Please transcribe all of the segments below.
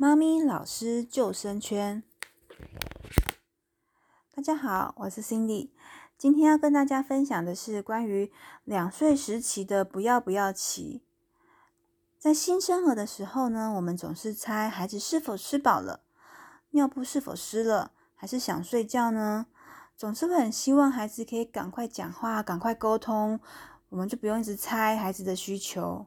媽咪老師救生圈。大家好，我是 Cindy，今天要跟大家分享的是關於兩歲時期的不要不要期。在新生兒的時候呢，我們總是猜孩子是否吃飽了，尿布是否濕了，還是想睡覺呢？總是會很希望孩子可以趕快講話，趕快溝通，我們就不用一直猜孩子的需求。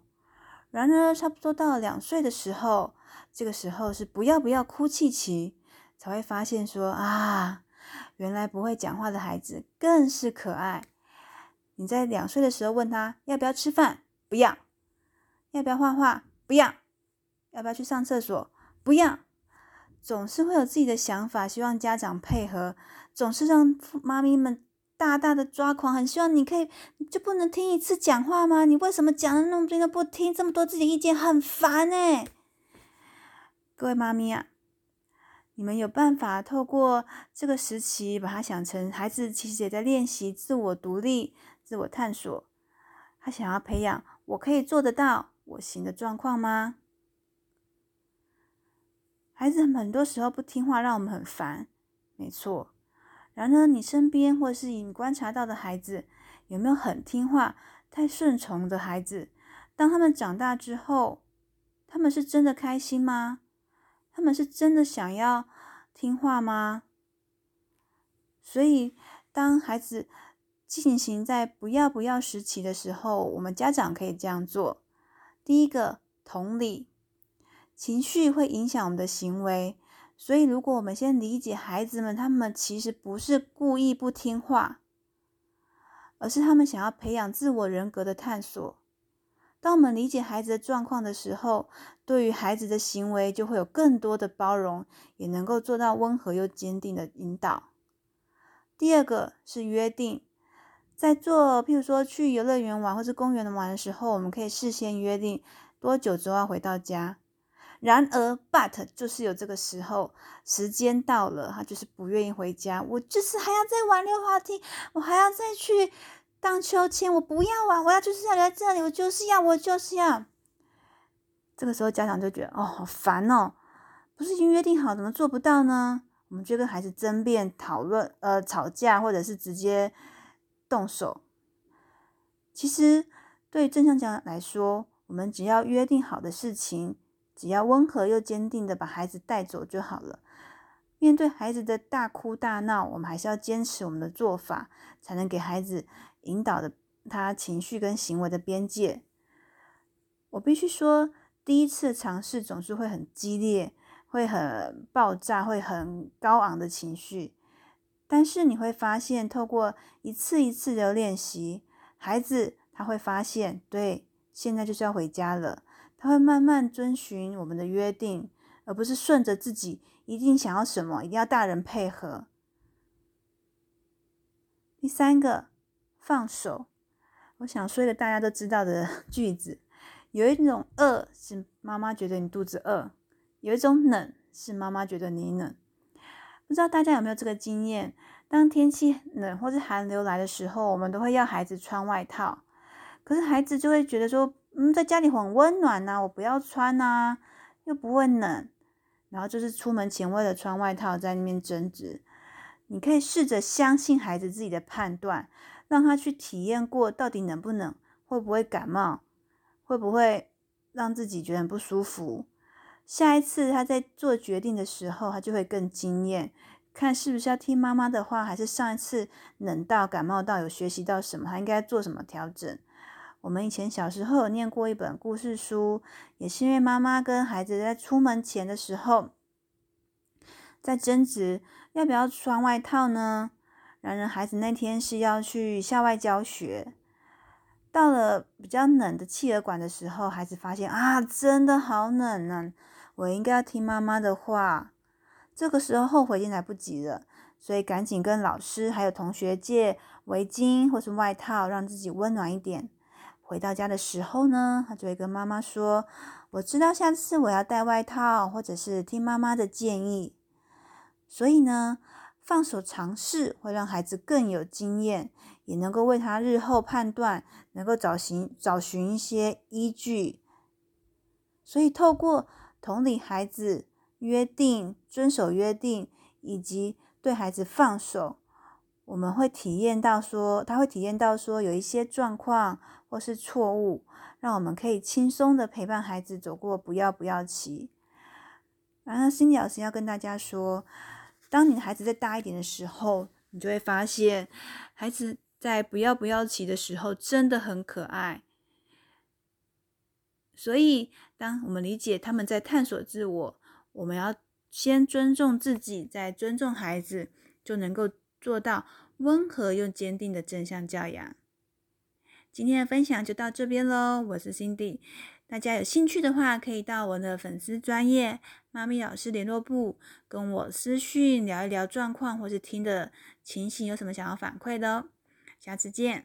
然而，差不多到兩歲的時候，這個時候是不要不要哭泣期，才會發現說啊，原來不會講話的孩子更是可愛。你在兩歲的時候問他要不要吃飯，不要；要不要畫畫，不要；要不要去上廁所，不要。總是會有自己的想法，希望家長配合，總是讓媽咪們。大大的抓狂，很希望你可以，就不能聽一次講話嗎？你為什麼講的那麼多都不聽，這麼多自己的意見很煩誒、欸，各位媽咪啊，你們有辦法透過這個時期，把他想成孩子其實也在練習自我獨立、自我探索，他想要培養我可以做得到，我行的狀況嗎？孩子很多時候不聽話，讓我們很煩，沒錯。然而，你身邊或者是你觀察到的孩子，有沒有很聽話、太順從的孩子？當他們長大之後，他們是真的開心嗎？他們是真的想要聽話嗎？所以，當孩子進行在不要不要時期的時候，我們家長可以這樣做：第一個，同理，情緒會影響我們的行為。所以，如果我們先理解孩子們，他們其實不是故意不聽話，而是他們想要培養自我人格的探索。當我們理解孩子的狀況的時候，對於孩子的行為就會有更多的包容，也能夠做到溫和又堅定的引導。第二個是約定，在做，譬如說去遊樂園玩或者公園玩的時候，我們可以事先約定多久之後要回到家。然而，but 就是有這個時候，時間到了，他就是不願意回家。我就是還要再玩溜滑梯，我還要再去盪秋千。我不要玩，我要就是要留在這裡，我就是要，我就是要。這個時候，家長就覺得哦，好煩哦，不是已經約定好，怎麼做不到呢？我們就跟孩子爭辯、討論，呃，吵架，或者是直接動手。其實，對正向家長來說，我們只要約定好的事情，只要溫和又堅定的把孩子帶走就好了。面對孩子的大哭大鬧，我們還是要堅持我們的做法，才能給孩子引導的他情緒跟行為的邊界。我必須說，第一次嘗試總是會很激烈，會很爆炸，會很高昂的情緒。但是你會發現，透過一次一次的練習，孩子他會發現，對，現在就是要回家了。他會慢慢遵循我們的約定，而不是順着自己一定想要什麼，一定要大人配合。第三個，放手。我想說一個大家都知道的句子：有一種餓是媽媽覺得你肚子餓，有一種冷是媽媽覺得你冷。不知道大家有沒有這個經驗？當天氣冷或是寒流來的時候，我們都會要孩子穿外套，可是孩子就會覺得說。嗯，在家裡很溫暖吶、啊，我不要穿吶、啊，又不會冷。然後就是出門前為了穿外套在那邊爭執。你可以試着相信孩子自己的判斷，讓他去體驗過到底冷不冷，會不會感冒，會不會讓自己覺得很不舒服。下一次他在做決定的時候，他就會更經驗，看是不是要聽媽媽的話，還是上一次冷到感冒到有學習到什麼，他應該做什麼調整。我們以前小時候有念過一本故事書，也是因為媽媽跟孩子在出門前的時候在爭執要不要穿外套呢。然而孩子那天是要去校外教學，到了比較冷的企鵝館的時候，孩子發現啊，真的好冷呢、啊！我應該要聽媽媽的話。這個時候後悔已經來不及了，所以趕緊跟老師還有同學借圍巾或是外套，讓自己溫暖一點。回到家的時候呢，他就會跟媽媽說：“我知道下次我要帶外套，或者是聽媽媽的建議。”所以呢，放手嘗試會讓孩子更有經驗，也能夠為他日後判斷，能夠找尋找尋一些依據。所以，透過同理孩子、約定、遵守約定，以及對孩子放手。我們會體驗到說，他會體驗到說有一些狀況或是錯誤，讓我們可以輕鬆的陪伴孩子走過不要不要期。然後，辛杰老師要跟大家說，當你的孩子再大一點的時候，你就會發現孩子在不要不要期的時候真的很可愛。所以，當我們理解他們在探索自我，我們要先尊重自己，再尊重孩子，就能夠做到溫和又堅定的正向教養。今天的分享就到這邊嘍，我是 Cindy，大家有興趣的話可以到我的粉絲專頁媽咪老師聯絡簿跟我私訊聊一聊狀況，或是聽的情形有什麼想要反饋的哦。下次見。